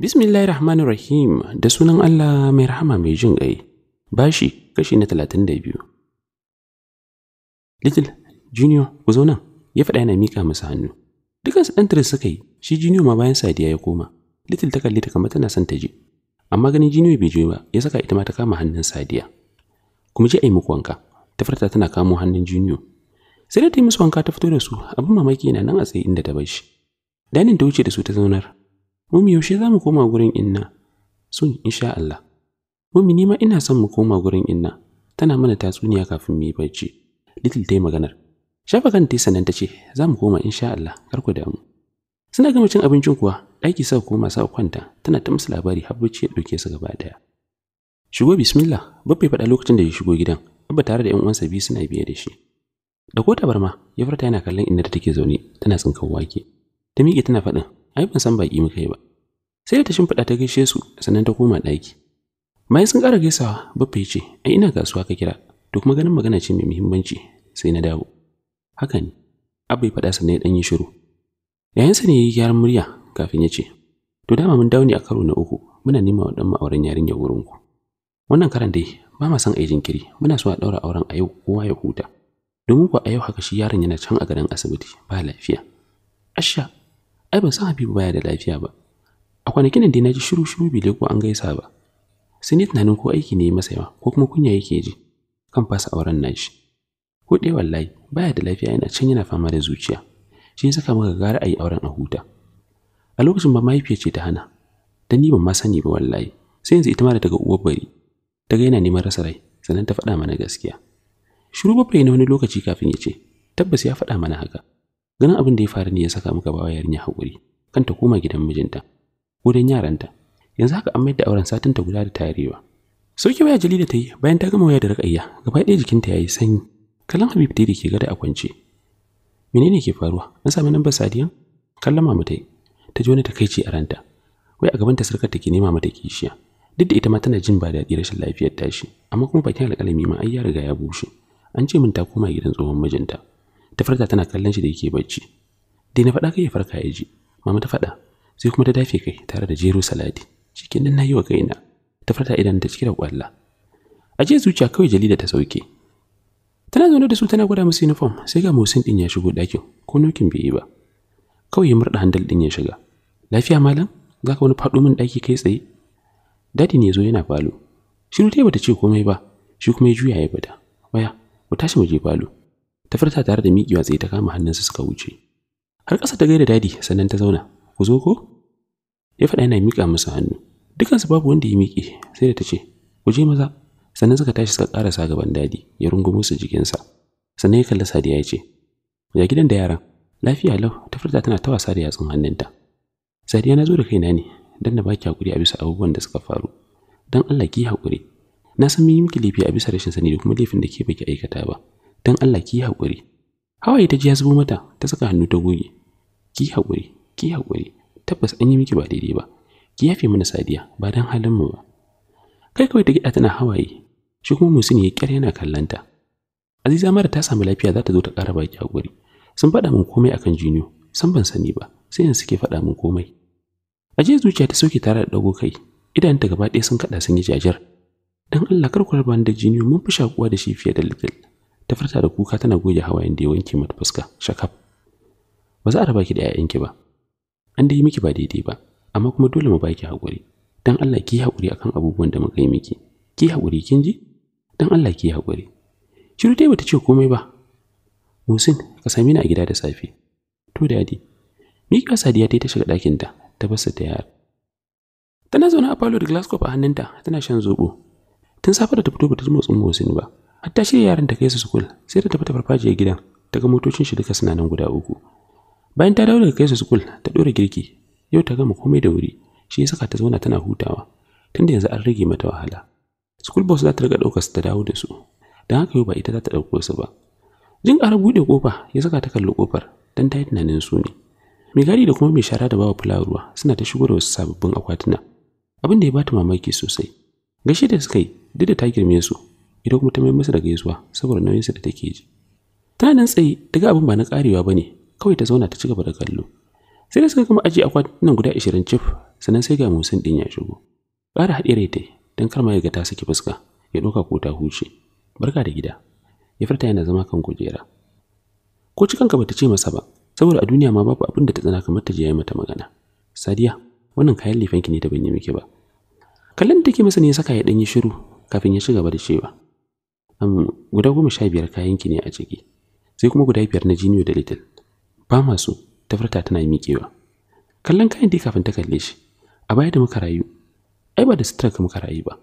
Bismillahir Rahmanir Rahim da sunan Allah mai rahama mai jin ƙai. Bashi kashi na talatin da biyu. Little Junior ku zo nan ya faɗa yana miƙa masa hannu. Dukansu ɗan tiris suka yi shi Junior ma bayan sadiya ya koma. Little ta kalli ta kamar tana son ta je. Amma ganin Junior bai je ba ya saka ita ma ta kama hannun sadiya. Kuma je a yi muku wanka. ta furta tana kamo hannun junior sai da ta yi musu wanka ta fito da su abin mamaki yana nan a tsaye inda ta bar shi danin ta wuce da su ta zaunar mummy yaushe za mu koma gurin inna sun insha Allah mummy ni ma ina son mu koma gurin inna tana mana tatsuniya kafin mu yi barci little ta yi maganar shafa kan ta sanan ta ce za mu koma insha Allah kar ku damu suna gama cin abincin kuwa ɗaki sa koma sa kwanta tana ta musu labari har bacci ya ɗauke su gaba ɗaya shigo bismillah babbe faɗa lokacin da ya shigo gidan abba tare da 'yan uwansa biyu suna biye da shi da ko tabarma ya furta yana kallon inda ta take zaune tana tsinkan wake ta miƙe tana faɗin ai ban san baƙi muka yi ba sai da ta shimfiɗa ta gaishe su sannan ta koma ɗaki bayan sun ƙara gaisawa baffa ya ce ai ina kasuwa ka kira to kuma ganin magana ce mai muhimmanci sai na dawo haka ne abba ya faɗa sannan ya ɗan yi shiru yayansa ne ya yi gyaran murya kafin ya ce to dama mun dawo ne a karo na uku muna nema wa ɗan ma'auren yarinya wurinku wannan karan dai ba ma son a kiri muna so a ɗaura auren a yau kowa ya huta domin ko a yau haka shi yaron yana can a garin asibiti ba lafiya asha ai ban san habibu baya da lafiya ba a kwanakin nan dai na ji shiru shiru bile ko an gaisa ba sun yi tunanin ko aiki ne masa yawa ko kuma kunya yake ji kan fasa auren nashi ko dai wallahi baya da lafiya yana can yana fama da zuciya shi ya saka muka gara a yi auren a huta a lokacin ba mahaifiyar ce ta hana dan ni ban ma sani ba wallahi sai yanzu ita ma da daga uwar bari ta ga yana neman rasa rai sannan ta faɗa mana gaskiya shiru ba na wani lokaci kafin ya ce tabbas ya faɗa mana haka ganin abin da ya faru ne ya saka muka bawa yarinya haƙuri kan ta koma gidan mijinta ko dan yaranta yanzu haka an da auren satin ta guda da tarewa sauki waya jalila ta yi bayan ta gama waya da raƙayya gaba ɗaya jikinta yayi sanyi kallon habib da ke gada a kwance menene ke faruwa an sami nambar sadiyan kallon mamu ta ta ji wani takaici a ranta wai a gaban ta sarkar take nema mata kishiya duk da ita ma tana jin ba daɗi rashin lafiyar tashi amma kuma bakin alƙalami ma ai ya riga ya bushe an ce min ta koma gidan tsohon mijinta ta farka tana kallon shi da yake bacci dai na faɗa kai ya farka ya ji mama ta faɗa sai kuma ta dafe kai tare da jero salati cikin nan nayi wa kaina ta farta idan ta cike da kwalla a je zuciya kawai jalila ta sauke tana zaune da su tana gwada musu uniform sai ga Musin din ya shigo ɗakin ko nokin bai yi ba kawai ya murɗa handal ɗin ya shiga lafiya malam za ka wani faɗo min ɗaki kai tsaye dadi ne zo yana falo shiru ne bata ce komai ba shi kuma ya juya ya bada waya ku tashi mu je falo ta furta tare da miƙewa tsaye ta kama hannunsa suka wuce har ƙasa ta gaida dadi sannan ta zauna ku zo ko ya faɗa yana miƙa musu hannu dukansu babu wanda ya miƙe sai da ta ce ku je maza sannan suka tashi suka ƙarasa gaban dadi ya rungumo su jikinsa sannan ya kalla sadiya ya ce ya gidan da yaran lafiya lau ta furta tana ta wasa da yatsun hannunta sadiya na zo da kaina ne don na baki hakuri a bisa abubuwan da suka faru don Allah ki hakuri na san mun yi miki laifi a bisa rashin sani da kuma laifin da ke baki aikata ba don Allah ki hakuri hawaye ta ji ya zubo mata ta saka hannu ta goge ki hakuri ki hakuri tabbas an yi miki ba daidai ba ki yafe mana sadiya ba don halin mu ba kai kawai ta gida tana hawaye shi kuma musin ya kyar yana kallanta aziza mara ta samu lafiya za ta zo ta ƙara baki hakuri. sun faɗa min komai akan juniyo san ban sani ba sai yanzu suke faɗa min komai Ajiya zuciya ta soke tare da dago kai, idanunta gaba ɗaya sun kaɗa sun yi jajar. Dan Allah kar kwar raba da jini mun fi shakuwa da shi fiye da litil. Ta farta da kuka tana goge hawayen da ya wanke mata fuska, shakaf. Ba za a raba ki da ƴaƴanki ba. An dai miki ba daidai ba, amma kuma dole mu baki haƙuri. Dan Allah ki haƙuri akan abubuwan da muka yi miki. Ki haƙuri kin ji? Dan Allah ki haƙuri. Shiru dai bata ce komai ba. Musin, ka same ni a gida da safe. To dadi. Mika Sadiya ta shiga ɗakinta ta basu ta yar. tana zaune a falo da glasgow a hannunta tana shan zobo tun safe da ta fito bata ji motsin motsin ba hatta shirya yaran ta kai su sukul sai ta fita farfajiyar gidan ta ga motocin shi duka suna nan guda uku bayan ta dawo daga kai su sukul ta dora girki yau ta gama komai da wuri shi ya saka ta zauna tana hutawa tun da yanzu an rage mata wahala sukul boss za ta riga ɗaukar su ta dawo da su don haka yau ba ita za ta ɗauko su ba jin ƙarar buɗe ƙofa ya saka ta kalli ƙofar don ta yi tunanin su ne mai gadi da kuma mai shara da bawa fulawa ruwa suna ta shigo da wasu sababbin akwatuna abin da ya bata mamaki sosai gashi da suka yi duk da ta girme su ita kuma ta mai masa da gaisuwa saboda su da take ji tana nan tsaye daga abin ba na karewa bane kawai ta zauna ta ci gaba da kallo sai da suka kuma aji akwatunan guda 20 cif sannan sai ga musin din ya shigo ƙara haɗe rai ta don kar ma ya ga ta saki fuska ya ɗauka ko ta huce barka da gida ya furta yana zama kan kujera ko cikanka bata ce masa ba saboda a duniya ma babu abin da ta tsana kamar ta je mata magana sadiya wannan kayan ki ne da ban yi miki ba kallon take masa ne ya saka ya danyi shiru kafin ya ci gaba da cewa guda goma sha biyar kayan ki ne a ciki sai kuma guda biyar na jiniyo da little ba masu tafarta tana miƙewa kallon kayan dai kafin ta kalle shi a baya da muka rayu ai ba da sutura ka muka rayu ba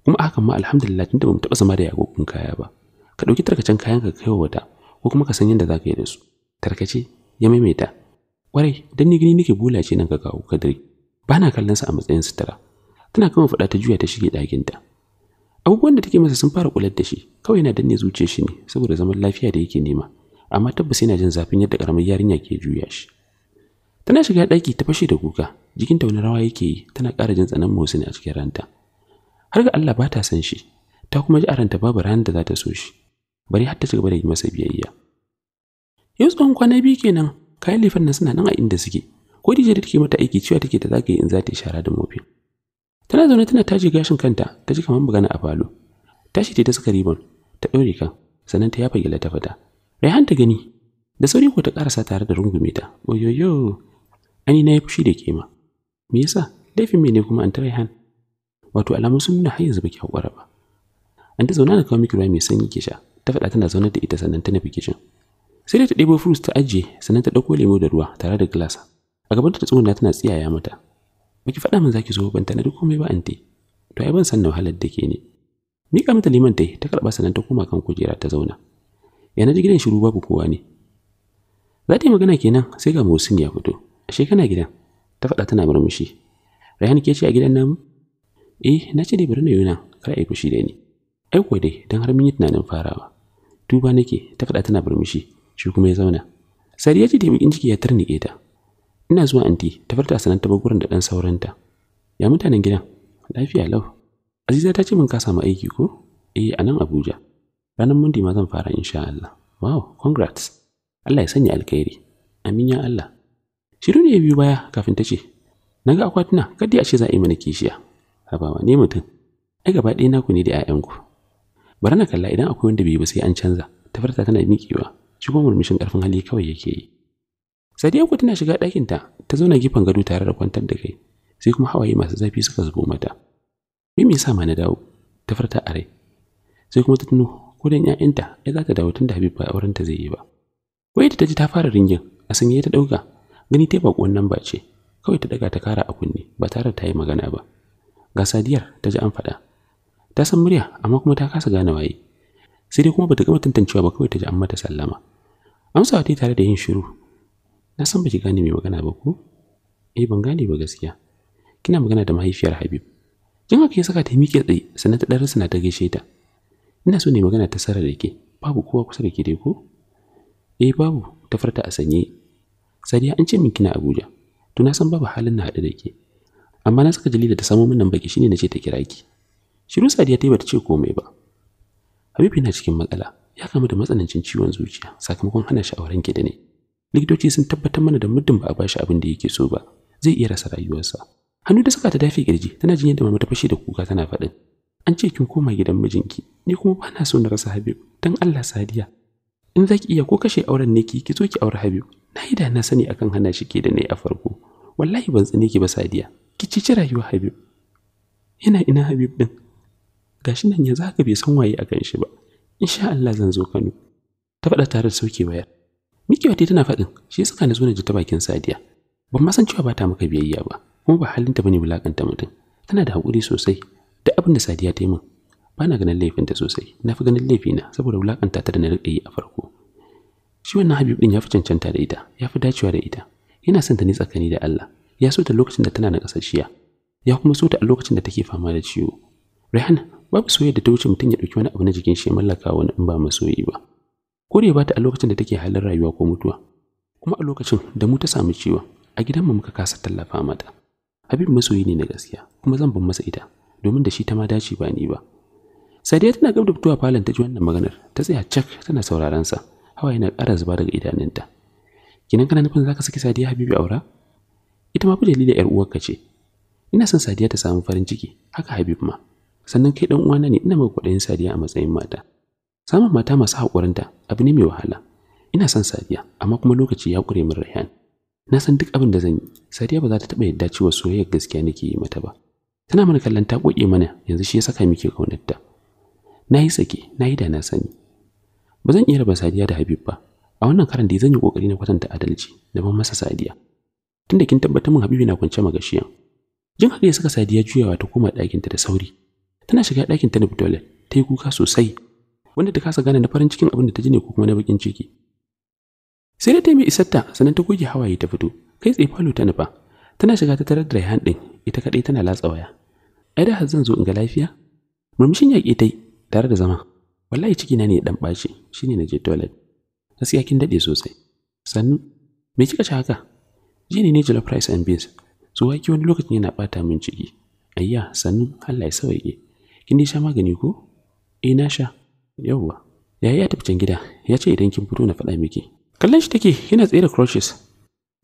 kuma a hakan ma alhamdulillah tunda bamu taɓa zama da yagogun kaya ba ka ɗauki tarkacen kayan ka kai wata ko kuma ka san yadda za ka yi da su tarkace ya maimaita kwarai dan ni gani nake bula ce nan ka kawo kadiri ba na kallon sa a matsayin sutura tana kama faɗa ta juya ta shige ɗakinta abubuwan da take masa sun fara kular da shi kawai yana danne zuciyar shi ne saboda zaman lafiya da yake nema amma tabbas yana jin zafin yadda karamar yarinya ke juya shi tana shiga ɗaki ta fashe da kuka jikinta wani rawa yake yi tana ƙara jin tsanan motsi ne a cikin ranta har ga Allah ba ta san shi ta kuma ji a babu ranar da za ta so shi bari har ta ci gaba da yi masa biyayya yau tsawon kwana biyu kenan kayan lefen nan suna nan a inda suke ko dije da take mata aiki cewa take ta yi in za ta yi shara da mofin tana zaune tana taje gashin kanta ta ji kamar magana a falo tashi ta saka ribon ta ɗaure kan sannan ta yafa gila ta fita raihan ta gani da sauri ko ta karasa tare da rungume ta oyoyo ani na yi fushi da kema me yasa laifin me ne kuma an ta raihan wato alamun sun nuna har yanzu baki haƙura ba an ta zauna da kawo mikirwa mai sanyi ke sha ta faɗa tana zaune da ita sannan ta nufi kicin sai da ta ɗebo fruits ta ajiye sannan ta ɗauko lemo da ruwa tare da glass a gabanta ta tsuguna tana tsiyaya mata baki faɗa min zaki zo ban tanadi komai ba anti to ai ban san na wahalar da ke ne miƙa mata liman ta ta karɓa sannan ta koma kan kujera ta zauna yana ji gidan shiru babu kowa ne za ta yi magana kenan sai ga Musin ya fito ashe kana gidan ta faɗa tana murmushi rayan ke ce a gidan namu eh na ce dai bari na yi nan kar ai fushi da ni ai kuwa dai dan har mun yi tunanin farawa tuba nake ta faɗa tana murmushi shi kuma ya zauna ya ce taimakin ciki ya tarnike ta ina zuwa anti ta farta sanan ta gurin da dan sauranta ya mutanen gidan lafiya lau aziza ta ce min ka samu aiki ko eh a nan abuja ranar mundi ma zan fara insha Allah wow congrats Allah ya sanya alkhairi amin ya Allah shiru ne biyu baya kafin ta ce naga akwatuna kaddi a ce za a yi mana kishiya habawa ne mutum ai gaba ɗaya naku ne da 'ya'yanku bari na kalla idan akwai wanda bai ba sai an canza ta farta tana miƙewa shi kuma murmushin ƙarfin hali kawai yake yi sadiya tana shiga ɗakinta ta zauna gefen gado tare da kwantar da kai sai kuma hawaye masu zafi suka zubo mata me me yasa ma na dawo ta farta a rai sai kuma ta tuno ko dan ƴaƴanta ai za ta dawo tun da Habib ba auren ta zai yi ba wai ta ji ta fara ringin a sanye ta ɗauka. gani ta bakon nan ba ce kawai ta daga ta kara a kunne ba tare da ta yi magana ba ga sadiyar ta ji an faɗa ta san murya amma kuma ta kasa gane waye sai dai kuma bata gama tantancewa ba kawai ta ji an mata sallama amsa ta tare da yin shiru na san baki gane mai magana ba ko eh ban gane ba gaskiya kina magana da mahaifiyar habib kin haka ya saka ta miƙe tsaye sannan ta ɗarsa na ta gaishe ta ina so ne magana ta sarara da ke babu kowa kusa da ke dai ko eh babu ta farta a sanye sadiya an ce min kina abuja to na san babu halin na haɗu da ke amma na saka jalila ta samo min nan baki shine na ce ta kira ki shiru sadiya ta yi bata ce komai ba habib yana cikin matsala ya kamu da matsanancin ciwon zuciya sakamakon hana shi auren da ne likitoci sun tabbatar mana da muddin ba a bashi abin da yake so ba zai iya rasa rayuwarsa hannu da suka ta dafe kirji tana jin yadda mama ta fashe da kuka tana faɗin an ce kin koma gidan mijinki ni kuma ba na so na rasa Habib dan Allah sadiya in zaki iya ko kashe auren ne ki ki zo ki aure Habib na yi da na sani akan hana shi ke da ne a farko wallahi ban tsane ki ba sadiya ki ci ci rayuwa Habib yana ina Habib din gashi nan yanzu haka bai san waye akan shi ba insha Allah zan zo Kano ta faɗa tare da sauke wayar wata tana faɗin shi yasa ka nazo zo na ji ta bakin Sadiya ban ma san cewa ba ta maka biyayya ba kuma ba halinta bane wulakanta mutum tana da haƙuri sosai da abin da Sadiya ta yi min bana na ganin laifinta sosai na fi ganin na saboda wulakanta ta da na riƙa yi a farko shi wannan Habib din ya fi cancanta da ita ya fi dacewa da ita yana son ta ne tsakani da Allah ya so ta lokacin da tana na ƙasashiya ya kuma so ta a lokacin da take fama da ciwo Rehan babu soyayya da ta wuce mutum ya ɗauki wani abu na jikin shi ya mallaka wani in ba masoyi ba ko da ya bata a lokacin da take halin rayuwa ko mutuwa kuma a lokacin da mu ta samu ciwo a gidanmu muka kasa tallafa mata habib masoyi ne na gaskiya kuma zan bar masa ita domin da shi ta ma dace ba ni ba sadiya tana gab da fitowa falon ta ji wannan maganar ta tsaya cak tana sauraron sa hawa yana ƙara zuba daga idanunta kinan kana nufin zaka saki sadiya Habibu aura ita ma fa dalilin yar uwarka ce ina son sadiya ta samu farin ciki haka habib ma sannan kai dan uwana ne ina mai kudin sadiya a matsayin mata samun mata masu haƙurinta abu ne mai wahala ina son sadiya amma kuma lokaci ya ƙure min rayan na san duk abin da zan yi sadiya ba za ta taɓa yadda cewa soyayya gaskiya nake yi mata ba tana mana kallon ta koke mana yanzu shi ya saka miki kaunarta na yi sake na yi da na sani ba zan iya raba sadiya da habib ba a wannan karan da zan yi kokari na kwatanta adalci da ban masa sadiya tunda kin tabbatar min habibi na kwance magashiyan jin haka ya saka sadiya juyawa ta koma ɗakinta da sauri tana shiga ɗakin ta nufi toilet ta yi kuka sosai wanda ta kasa gane na farin cikin abin da ta ji ne ko kuma na bakin ciki sai da ta yi mai isarta sannan ta goge hawaye ta fito kai tsaye falo ta nufa tana shiga ta tarar da rayhan ɗin ita kaɗai tana latsa waya ai da zan zo in ga lafiya murmushin yaƙi ta yi tare da zama wallahi ciki na ne dan ɓaci ne na je toilet gaskiya kin daɗe sosai sannu me kika ci haka jini ne jollof rice and beans so wani lokacin yana ɓata min ciki ayya sannu Allah ya sauke Kin dai sha magani ko? Eh na sha. yawa Yayi ya ta gida, ya ce idan kin fito na faɗa miki. Kallon shi take yana tsaye da crutches.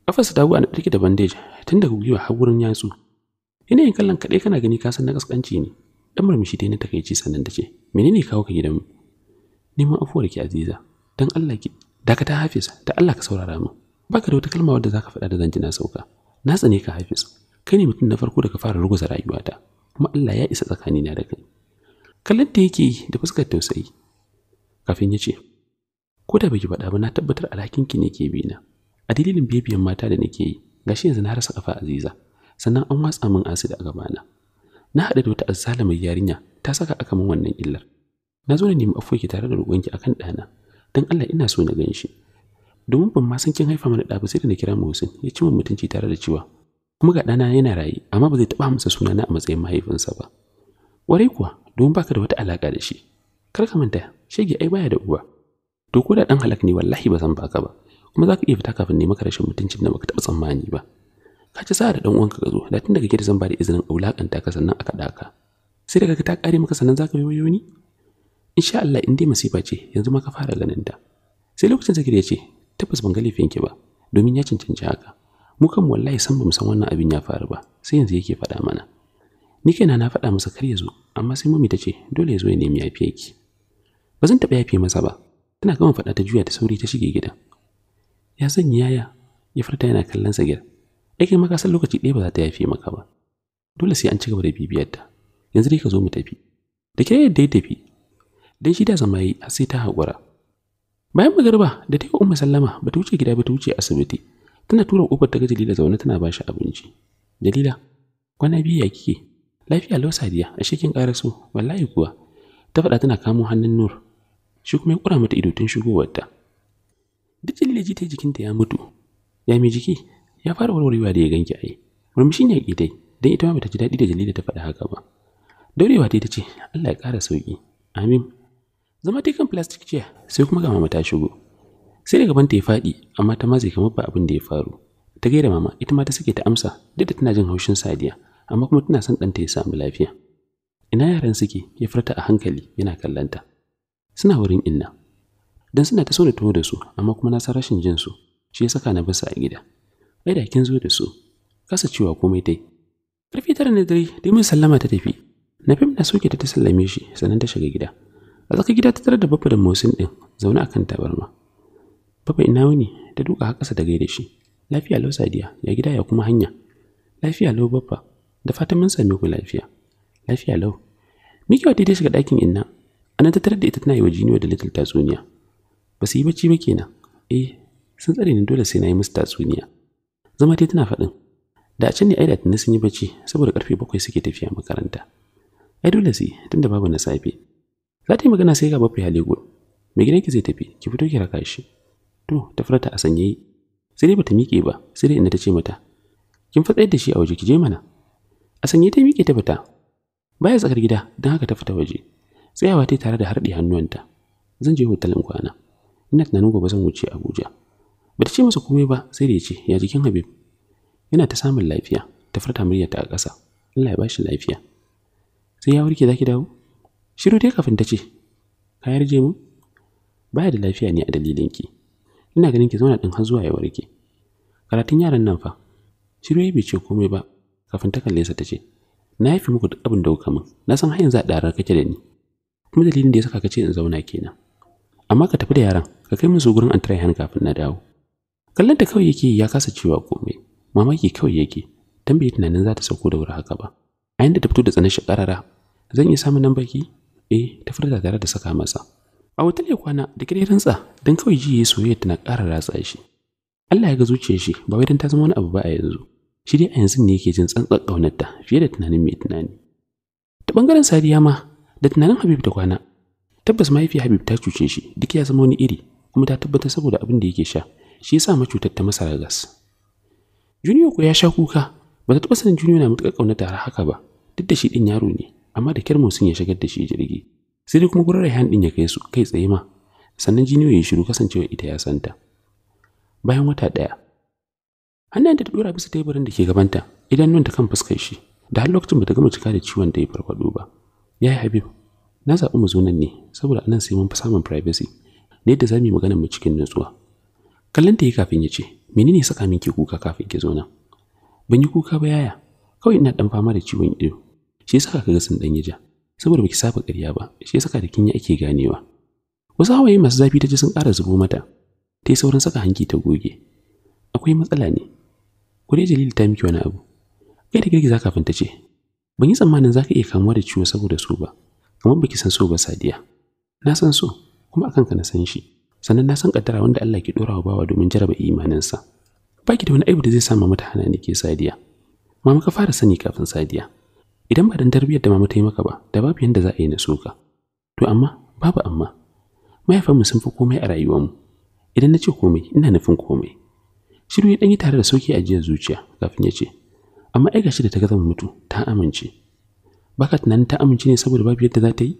sa ta a ɗauke da bandage tun daga gwiwa har wurin yatsu. Ina yin kallon kaɗai kana gani ka san na kaskanci ne. Dan murmushi dai na takaici sannan ta ce, "Menene kawo ka gidan mu?" Neman afuwar ki Aziza, dan Allah ki dakata Hafiz, da Allah ka saurara mu. Baka da wata kalma wadda zaka faɗa da zan sauka. Na tsane ka Hafis. Kai ne mutum na farko da ka fara ruguza rayuwata. kuma Allah ya isa tsakanina da kai kallon da yake da fuskar tausayi kafin ya ce ko da baki faɗa ba na tabbatar alhakinki ne ke bi na. a dalilin bibiyan mata da nake yi gashi yanzu na rasa kafa aziza sannan an watsa min asida a gabana na haɗa da wata azzala mai yarinya ta saka aka min wannan illar na zo na nemi ki tare da roƙonki akan ɗana don Allah ina so na gan shi domin ban ma san kin haifa mana ɗa ba sai da na kira Muhsin ya ci min mutunci tare da cewa kuma ga ɗana yana raye amma ba zai taɓa masa na a matsayin mahaifinsa ba ware kuwa domin baka da wata alaƙa da shi kar ka manta shege ai baya da uwa. to ko da ɗan halak ne wallahi ba zan baka ba kuma za ka iya fita kafin ne maka rashin mutuncin da baka taɓa tsammani ba ka ci sa'a da ɗan uwanka ka zo da tun daga gida zan ba da izinin a wulaƙanta ka sannan aka ɗaka sai daga ka ta ƙare maka sannan za ka wayo ni insha Allah in dai masifa ce yanzu ma ka fara ganin ta sai lokacin sakir ya ce tabbas ban ga ki ba domin ya cancanci haka mukan wallahi san bamu san wannan abin ya faru ba sai yanzu yake faɗa mana ni kaina na faɗa masa kar ya zo amma sai mami ta ce dole ya zo ya nemi yafiya ki ba zan taɓa yafe masa ba tana gama faɗa ta juya ta sauri ta shige gidan ya sanya yaya ya furta yana kallon sa gir aikin maka san lokaci ɗaya ba za ta yafe maka ba dole sai an ci gaba da bibiyar ta yanzu dai ka zo mu tafi da kira yadda ya tafi dan shi da zama yi sai ta haƙura bayan magarba da ta yi umma sallama ba ta wuce gida ba ta wuce asibiti tana tura kofar ta ga Jalila zaune tana ba shi abinci Jalila kwana biyu ya kike lafiya lau sadiya ashe kin ƙara so wallahi kuwa ta faɗa tana kamo hannun Nur shi kuma ya kura mata ido tun shigowarta duk Jalila ji ta jikinta ya mutu ya mi jiki ya fara warwarewa da ya ganki ai murmushin ya ƙi dai dan ita ma bata ji daɗi da Jalila ta faɗa haka ba daurewa ta ce Allah ya ƙara sauki amin zama ta kan plastic chair sai kuma ga mama ta shigo sai da gabanta ya faɗi amma ta maze kamar ba abin da ya faru ta gaida mama ita ma ta sake ta amsa duk da tana jin haushin sadiya amma kuma tana son ɗanta ya samu lafiya ina yaran suke ya furta a hankali yana kallanta suna wurin inna dan suna ta so na tuwo da su amma kuma na san rashin jin su shi ya saka na basu a gida ai da kin zo da su kasa cewa komai dai karfe tara na dare dai mun sallama ta tafi na fim na soke ta ta sallame shi sannan ta shiga gida a tsakar gida ta tarar da babba da Musin din zaune akan tabarma Baba ina wuni ta duka har ƙasa da shi. Lafiya lau Sadiya, ya gida ya kuma hanya. Lafiya lau Baba, da fatan mun same ku lafiya. Lafiya lau. wata dai shiga ɗakin inna, ana tattare da ita tana yi wa jiniwa da little tatsuniya. Ba su yi bacci ba kenan. Eh, sun tsare ni dole sai na yi musu tatsuniya. Zama dai tana faɗin. Da a can ne aida sun yi bacci saboda karfe bakwai suke tafiya makaranta. Ai dole sai tunda babu na safe. Za ta yi magana sai ga babu Haligul. Mai gidanki zai tafi, ki fito ki raka shi. To, ta furta a sanye Sai dai bata miƙe ba, sai dai inda ta ce mata, Kin fatsa da shi a waje ki je mana. A sanye ta miƙe ta fita. Baya tsakar gida, dan haka ta fita waje. Tsayawa ta tare da harɗe hannuwanta. Zan je hotel in kwana. Ina tunanin gobe zan wuce Abuja. Bata ce masa komai ba, sai da ya ce, Ya jikin Habib. Yana ta samun lafiya, ta furta muryarta a ƙasa. Allah ya ba shi lafiya. Sai ya warke zaki dawo? Shiru dai kafin ta ce, Ka yarje mu? Baya da lafiya ne a dalilin ki. ina ganin ki zauna ɗin har zuwa ya warke karatun yaran nan fa shiru bai ce komai ba kafin ta kalle sa ta ce na yafi muku duk abin da kuka min na san har yanzu a ɗarar kake da ni kuma dalilin da ya saka ka ce in zauna kenan amma ka tafi da yaran ka kai musu gurin an try kafin na dawo kallon ta kawai yake ya kasa cewa komai mamaki kawai yake tambayi tunanin za ta sauko da wuri haka ba a yanda ta fito da tsanin shi karara zan iya samun nan baki eh ta da tare da saka masa A wata ya kwana da kire rantsa don kawai ji ya soyayya tana ƙara ratsa shi. Allah ya ga zuciyar shi ba wai don ta zama wani abu ba a yanzu. Shi dai a yanzu ne yake jin tsantsan ƙaunarta fiye da tunanin mai tunani. Ta ɓangaren Sadiya ma da tunanin Habib da kwana. Tabbas mahaifiyar Habib ta cuce shi duk ya zama wani iri kuma ta tabbata saboda abin da yake sha shi ya yasa cutar ta masa ragas. juniyo ko ya sha kuka ba ta taɓa sanin juniyo na matuƙar ƙaunata har haka ba duk da shi ɗin yaro ne amma da kyar sun ya shigar da shi jirgi. sai dai kuma gurare Rayhan din ya kai su kai tsaye ma sannan jiniyo ya shiru kasancewa ita ya santa bayan wata daya hannayen ta dora bisa teburin da ke gabanta nun ta kan fuskar shi da har lokacin bata gama cika da ciwon da ya farfado ba yayi habib na zaɓi mu zo nan ne saboda anan sai mun fi samun privacy ne da zamu yi magana mu cikin nutsuwa kallon ta yi kafin ya ce menene saka min ke kuka kafin ki zo nan ban yi kuka ba yaya kawai ina dan fama da ciwon ido shi yasa ga sun dan ja saboda baki saba ƙarya ba shi ya saka da kinya ake ganewa wasu hawaye masu zafi ta ji sun ƙara zubo mata ta yi saurin saka hanki ta goge akwai matsala ne ku dai jalil ta miki wani abu kai da girgiza kafin ta ce ban yi tsammanin za ka iya kamuwa da ciwo saboda su ba kamar baki san so ba sadiya na san so kuma akan ka na san shi sannan na san kaddara wanda Allah ke ɗora wa bawa domin jaraba imaninsa baki da wani aibu da zai sama mata hana ni ke sadiya mama ka fara sani kafin sadiya idan ba dan tarbiyyar da mama ta yi maka ba da babu yanda za a yi na soka to amma babu amma mu sun fi komai a rayuwar mu idan na ce komai ina nufin komai shiru ya yi tare da sauki a jiyar zuciya kafin ya ce amma ai gashi da ta ga zama mutu ta amince baka tunanin ta amince ne saboda babu yadda za ta yi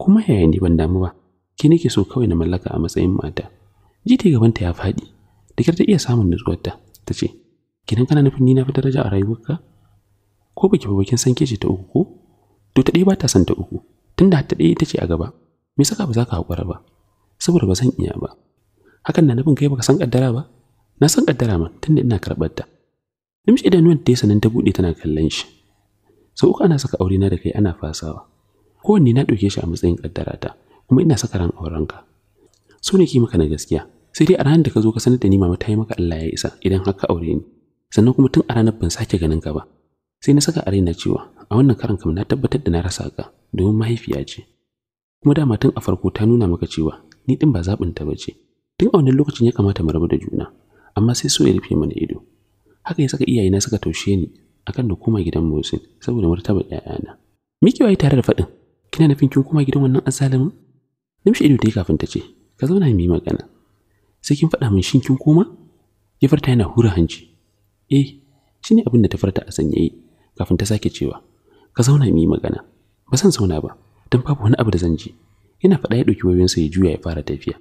kuma yaya ne ban damu ba ke nake so kawai na mallaka a matsayin mata jita gabanta ya faɗi da ta iya samun nutsuwarta ta ce kinan kana nufin ni na fi daraja a rayuwarka ko baki ba kin san ke ce ta uku ko to ta ɗaya ba ta san ta uku tunda ta ɗaya ita ce a gaba me saka ba za ka haƙura ba saboda ba zan iya ba hakan na nufin kai baka san kaddara ba na san kaddara ma tunda ina karɓar ta namiji idanuwan ta sanan ta buɗe tana kallon shi sau uku ana saka aure na da kai ana fasawa kowanne na ɗauke shi a matsayin kaddara ta kuma ina saka ran aurenka so ne ki maka na gaskiya sai dai a ranar da ka zo ka sanar da ni mama ta yi maka Allah ya isa idan haka aure ni sannan kuma tun a ranar ban sake ganin ka ba sai na saka a raina cewa a wannan karan kam na tabbatar da na rasa ka domin mahaifiya ce kuma dama tun a farko ta nuna maka cewa ni din ba zaɓin ta bace tun a wannan lokacin ya kamata mu rabu da juna amma sai so ya rufe mana ido haka ya saka iyayena suka taushe ni akan da koma gidan motsin, saboda martaba ƴaƴana miki wai tare da faɗin kina nufin kin koma gidan wannan azalimin nimshi ido ta yi kafin ta ce ka zauna mu yi magana sai kin faɗa min shin kin koma ya farta yana hura hanci eh shine abin da ta farta a sanye kafin ta sake cewa ka zauna mu yi magana ba zan zauna ba don babu wani abu da zan ji yana faɗa ya ɗauki wayoyinsa ya juya ya fara tafiya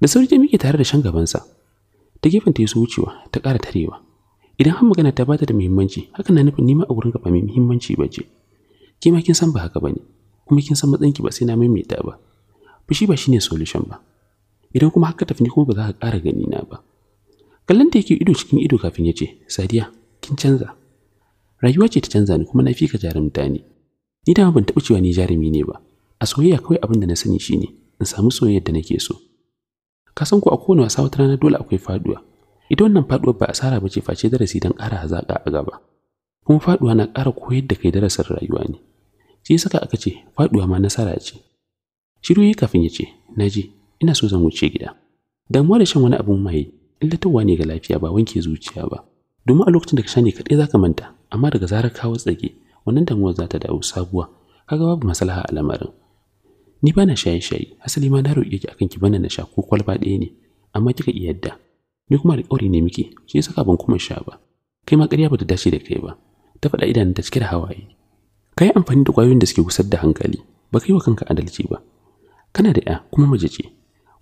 da sauri ta miƙe tare da shan gabansa ta gefen ta yi su wucewa ta ƙara tarewa idan har magana ta bata da muhimmanci hakan na nufin nima a wurin ka mai muhimmanci ba ce ke ma kin san ba haka ba ne, kuma kin san matsayinki ba sai na maimaita ba fushi ba shine solution ba idan kuma haka tafi ni kuma ba za ka ƙara gani na ba kallon da yake ido cikin ido kafin ya ce sadiya kin canza rayuwa ce ta canza ni kuma na fika jarumta ne ni dama ban taɓa cewa ni jarumi ne ba a soyayya kawai abin da na sani shine in samu soyayya da nake so ka san ko a kowane wasa wata rana dole akwai faduwa ita wannan faduwar ba asara ba ce face darasi don ƙara hazaƙa a gaba kuma faduwa na ƙara koyar da kai darasin rayuwa ne shi saka aka ce faduwa ma nasara ce shiru yi kafin ya ce na naji ina so zan wuce gida damuwa da shan wani abun maye illatowa ne ga lafiya ba wanke zuciya ba domin a lokacin da ka shani kaɗai za ka manta amma daga zarar kawo tsage wannan damuwar za ta dawo sabuwa kaga babu maslaha a lamarin ni ba na shaye-shaye asali ma na roƙe ki akan ki bana na sha ko kwalba ɗaya ne amma kika iya yadda ni kuma alƙawari ne miki shi yasa ban kuma sha ba kai ma ƙarya bata dace da kai ba ta faɗa idan ta cike da hawaye kai amfani da ƙwayoyin da suke gusar da hankali ba kai wa kanka adalci ba kana da ya kuma mace ce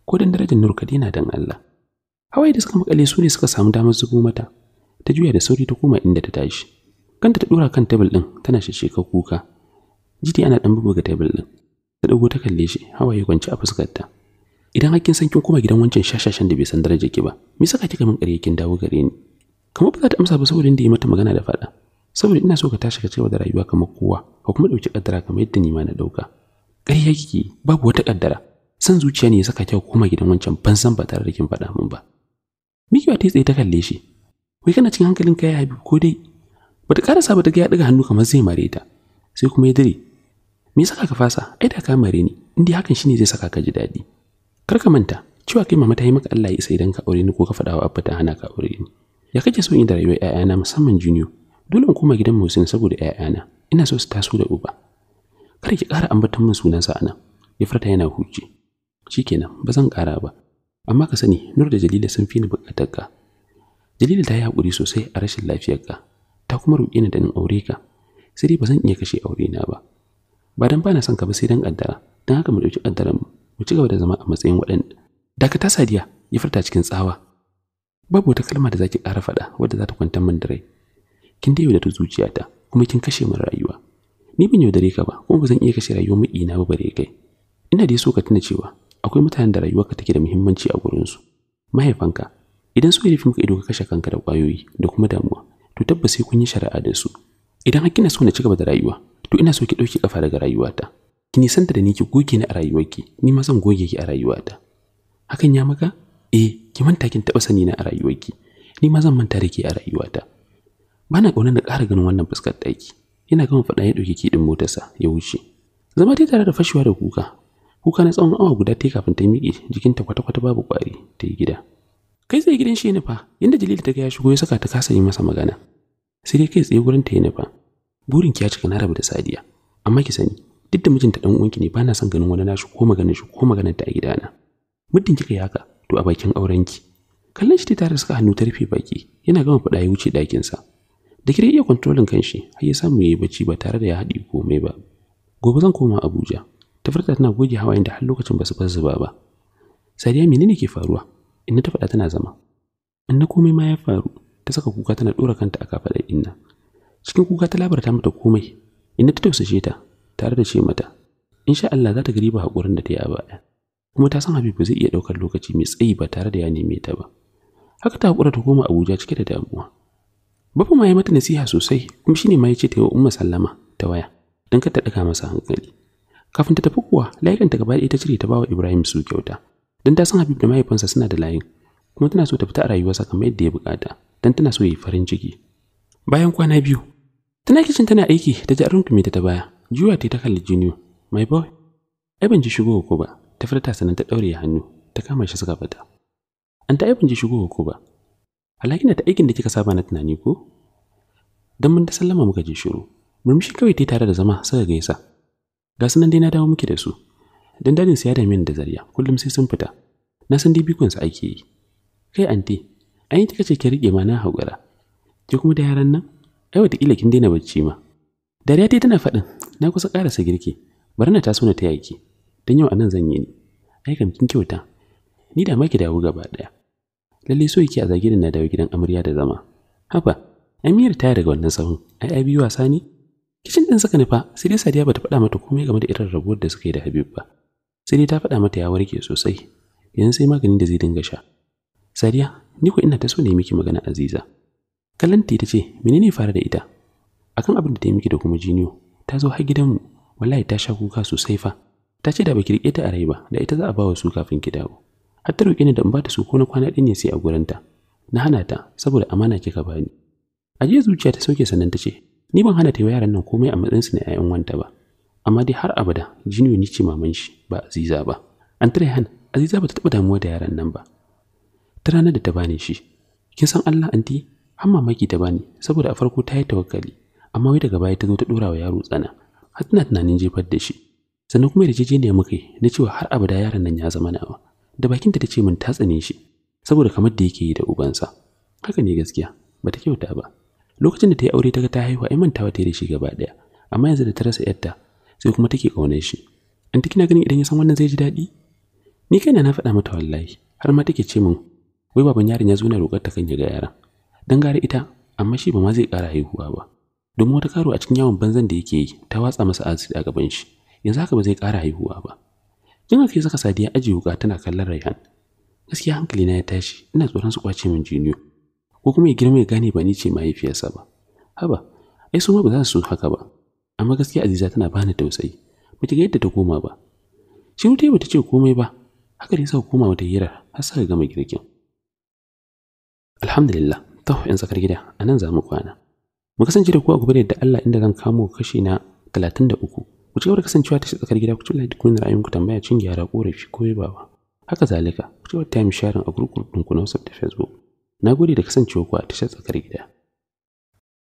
ko dan darajar nurka dina dan Allah hawaye da suka makale su ne suka samu damar zubo mata ta juya da sauri ta koma inda ta tashi kanta ta dora kan table din tana ka kuka jiti ana dan ga table din ta dago ta kalle shi hawaye kwance a fuskarta idan hakkin san kin koma gidan wancan shashashan da bai san darajar ki ba me saka kika min kare kin dawo gare ni kamar ba za ta amsa ba saboda inda yi mata magana da faɗa saboda ina so ka tashi ka cewa da rayuwa kamar kowa ka kuma ɗauki kaddara kamar yadda ni ma na ɗauka ƙarya kike babu wata kaddara san zuciya ne ya saka kyau koma gidan wancan ban san ba tare da kin faɗa min ba Mikiwa ta tsaye ta kalle shi wai kana cikin hankalin ka ya habi ko dai bata karasa ba ta ga ya daga hannu kamar zai mare ta sai kuma ya dare. me saka ka fasa ai da ka mare ni in dai hakan shine zai saka ka ji daɗi kar ka manta cewa kai mama ta yi maka Allah ya isa idan ka aure ni ko ka faɗa wa abba ta hana ka aure ni ya kake so in da rayuwar ƴaƴana musamman junior dole in koma gidan Musin saboda ƴaƴana ina so su taso da uba kada ki kara ambaton min sunan sa anan ya farta yana huce shikenan ba zan kara ba amma ka sani Nur da Jalila sun fi ni buƙatar Jalila ta yi haƙuri sosai a rashin lafiyarka, ta kuma roƙi ni da in aure ka, sai dai ba zan iya kashe aure na ba. Ba dan bana son ka ba sai dan kaddara, dan haka mu ɗauki kaddaran mu, mu ci gaba da zama a matsayin waɗanda. Dakata Sadiya ya furta cikin tsawa. Babu wata kalma da zaki ƙara faɗa wadda za ta kwantar min da rai. Kin dai ta zuciyata, kuma kin kashe min rayuwa. Ni ban yaudare ka ba, kuma ba zan iya kashe rayuwar maƙina ba bare kai. Ina dai so ka tuna cewa akwai mutanen da rayuwarka take da muhimmanci a gurinsu. Mahaifanka idan su laifin muka ido ka kashe kanka da kwayoyi da kuma damuwa to tabbas kun yi shari'a da su idan har kina so na cigaba da rayuwa to ina so ki dauki kafa daga rayuwata ki nisanta da ni ki goge ni a rayuwarki ni ma zan goge ki a rayuwata hakan ya maka eh ki manta kin taba sani na a rayuwarki ni ma zan manta da ke a rayuwata na kauna na ƙara ganin wannan fuskar ɗaki yana gama faɗa ya ɗauki kiɗin motarsa ya wuce zama ta tare da fashewa da kuka kuka na tsawon awa guda ta kafin ta miƙe jikinta kwata-kwata babu ƙwari ta yi gida kai sai gidan shi nufa yadda jalila ta ga ya shigo ya saka ta kasa yi masa magana sai dai kai tsaye gurin ta nufa burin ki ya cika na rabu da sadiya amma ki sani duk da mijinta dan uwanki ne ba na son ganin wani nashi ko maganar shi ko maganar ta a gidana muddin kika yi haka to a bakin aurenki kallon shi tare suka hannu ta rufe baki yana gama faɗa ya wuce ɗakinsa da kira iya kontrolin kanshi har ya samu yayi bacci ba tare da ya haɗi komai ba gobe zan koma Abuja ta tana goge hawayen da har lokacin ba su bar zuba ba Sadiya menene ke faruwa inna ta faɗa tana zama in na komai ma ya faru ta saka kuka tana ɗora kanta a kafaɗar inna cikin kuka ta labarta mata komai inna ta tausashe ta tare da ce mata in sha Allah za ta ba haƙurin da ta yi a baya kuma ta san Habibu zai iya ɗaukar lokaci mai tsayi ba tare da ya neme ta ba haka ta haƙura ta koma Abuja cike da damuwa Bafa ma ya mata nasiha sosai kuma shine ma ya ce ta yi wa Umma Sallama ta waya don kar ta ɗaga masa hankali kafin ta tafi kuwa layukan ta gaba ta cire ta bawa Ibrahim su kyauta don ta san Habib da mahaifinsa suna da layin kuma tana so ta fita a rayuwarsa kamar yadda ya bukata don tana so ya yi farin ciki. Bayan kwana biyu, tana kicin tana aiki ta ji arungume ta ta baya, juya ta ta kalli Junior, my boy. Ai ban ji shigo ko ba, ta furta sannan ta daure hannu, ta kama shi suka fata An ta ban ji shigo ko ba. na ta aikin da kika saba na tunani ko? Dan mun ta sallama muka ji shiru. Murmushi kawai ta tare da zama suka gaisa. Ga sunan dai na dawo muke da su. don dadin ya dame ni da zariya kullum sai sun fita na san dai su ake yi kai anti an yi kika ce ki rike ma na haƙura ki kuma da yaran nan ai wataƙila kin daina bacci ma dariya dai tana faɗin na kusa ƙarasa girki bari na taso na ta yaki don yau anan zan yi ni ai kam kin kyauta ni da ma ki dawo gaba ɗaya lalle so yake a zagirin na dawo gidan amarya da zama haba amir ta daga wannan sahun ai ai biyu wasa ne kicin din saka nufa sai dai sadiya bata faɗa mata komai game da irin rabuwar da suka da habib ba sai dai ta faɗa mata ya warke sosai yanzu sai maganin da zai dinga sha sariya ni ku ina ta so ne miki magana aziza kalanti ta ce menene fara da ita akan abin da ta yi miki da kuma jiniyo ta zo har gidanmu wallahi ta sha kuka sosai fa ta ce da baki rike ta a rai ba da ita za a ba wa su kafin ki dawo har ta ni da in ba ta su ko na kwana ɗin ne sai a ta na hana ta saboda amana kika bani a jiya zuciya ta sauke sannan ta ce ni ban hana ta yi yaran nan komai a matsayinsu na 'ya'yan wanta ba amma dai har abada jini ni ce maman shi ba aziza ba an han aziza ba ta taɓa damuwa da yaran nan ba ta ranar da ta bani shi kin san allah anti har mamaki ta bani saboda a farko ta yi tawakkali amma wai daga baya ta zo ta dorawa wa yaro tsana har tana tunanin jefar da shi sannan kuma ne ya muke. na cewa har abada yaran nan ya zama nawa da bakinta ta ce min ta tsane shi saboda kamar da yake yi da ubansa haka ne gaskiya ba ta kyauta ba lokacin da ta yi aure ta ga ta haihuwa ai mantawa ta yi da shi gaba daya amma yanzu da ta rasa yarta sai kuma take ƙaunar shi anti kina ganin idan ya san wannan zai ji daɗi ni kaina na faɗa mata wallahi har ma take ce min wai baban yarin ya zo na roƙar ta kan ya ga yaran dan gare ita amma shi ba ma zai ƙara haihuwa ba domin wata karo a cikin yawan banzan da yake yi ta watsa masa acid a gaban shi yanzu haka ba zai ƙara haihuwa ba kin kai saka sadiya ajiye wuka tana kallon rayhan gaskiya hankali na ya tashi ina tsoron su kwace min jiniyo ko kuma ya girma ya gane ba ni ce mahaifiyarsa ba haba ai su ma ba za su haka ba amma gaskiya Aziza tana bani tausayi ba ta ga yadda ta koma ba shi ba ta bata ce komai ba haka ne suka koma wata hira har suka gama girkin alhamdulillah tahu yan tsakar gida a nan za mu kwana mu kasance da ku a gobe da Allah inda zan kamo kashi na 33 ku ci gaba da kasancewa ta tsakar gida ku ci da ra'ayinku tambaya cin gyara korafi ko ba haka zalika ku ci gaba time sharing a gurgurdun ku na WhatsApp da Facebook nagode da kasancewa ku a tashar tsakar gida